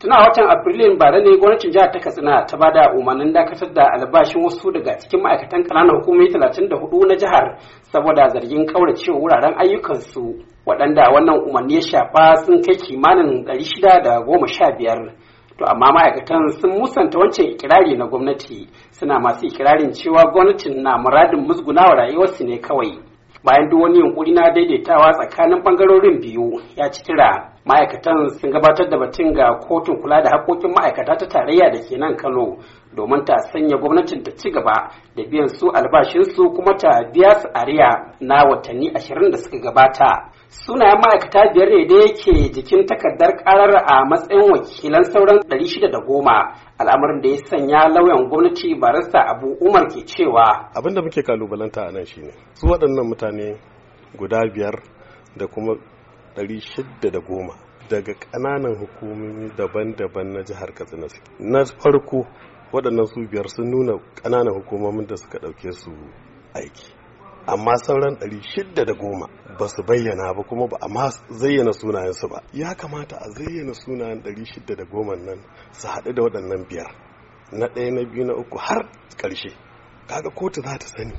Tuna watan ba bara ne gwamnatin jihar ta Katsina ta bada umarnin dakatar da albashin wasu daga cikin ma'aikatan ƙananan hukumomi 34 na jihar saboda zargin kauracewa wuraren ayyukansu waɗanda wannan umarni ya shafa sun kai kimanin 615. To amma ma'aikatan sun musanta wancan ikirari na gwamnati suna masu ikirarin cewa gwamnatin na muradin musgunawa rayuwarsu ne kawai. Bayan duk wani yunkuri na daidaitawa tsakanin bangarorin biyu ya ci kira ma'aikatan sun gabatar da batun ga kotun kula da haƙoƙin ma'aikata ta tarayya da ke nan kano domin ta sanya gwamnatin ta ci gaba da biyan su albashinsu kuma ta biya su ariya na watanni ashirin da suka gabata sunayen ma'aikata biyar ne da yake jikin takardar karar a matsayin wakilan sauran 610 al'amarin da ya sanya lauyan gwamnati barista abu umar ke cewa abin muke kalubalanta a nan shine su waɗannan mutane guda biyar da kuma 610 daga ƙananan hukumomi daban-daban na jihar katsina na farko waɗannan su biyar sun nuna ƙananan hukumomin da suka ɗauke su aiki amma sauran 610 ba su bayyana ba kuma ba a ma zayyana sunayensu ba ya kamata a zayyana sunayen 610 nan su haɗu da waɗannan biyar na ɗaya na biyu na uku har ƙarshe kaga kotu za ta sani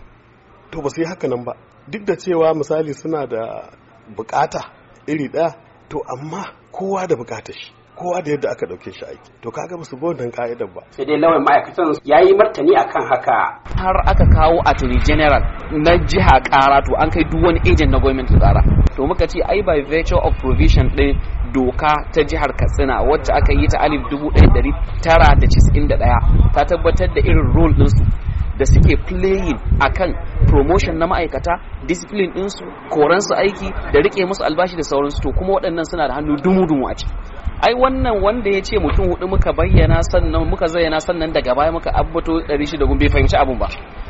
to ba su yi haka nan ba duk da cewa misali suna da bukata iri ɗaya to amma kowa da bukatar shi kowa da yadda aka ɗauke shi aiki to kaga ba su bi dan ka'idar ba sai dai lawan ma'aikatan ya yi martani akan haka har aka kawo attorney general na jiha kara to an kai duk wani agent na gwamnati tsara to muka ce ai by virtue of provision ɗin doka ta jihar katsina wacce aka yi ta alif 1991 ta tabbatar da irin role ɗinsu da suke playing akan promotion na ma'aikata discipline ɗinsu su aiki da rike musu albashi da sauransu to kuma waɗannan suna da hannu dumu-dumu a ciki ai wannan wanda ya ce mutum hudu muka bayyana sannan muka zayyana sannan daga baya muka abbato 600 bai fahimci abun ba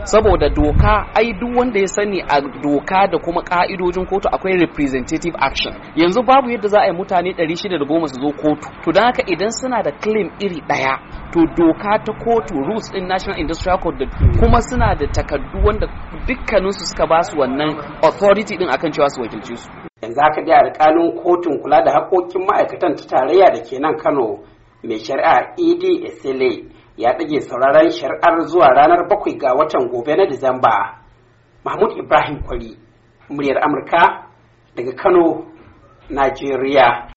saboda doka ai duk wanda ya sani a doka da kuma ka'idojin kotu akwai representative action yanzu babu yadda za a yi mutane 610 su zo kotu to don haka idan suna da claim iri daya to doka ta kotu rules din national industrial code kuma suna da takardu wanda dukkaninsu suka ba su wannan authority din akan cewa su wakilce su yanzu haka dai alƙalin kotun kula da haƙoƙin ma'aikatan ta tarayya da ke nan kano mai shari'a ed esele ya ɗage sauraron shari'ar zuwa ranar bakwai ga watan gobe na disamba mahmud ibrahim kwari muryar amurka daga kano najeriya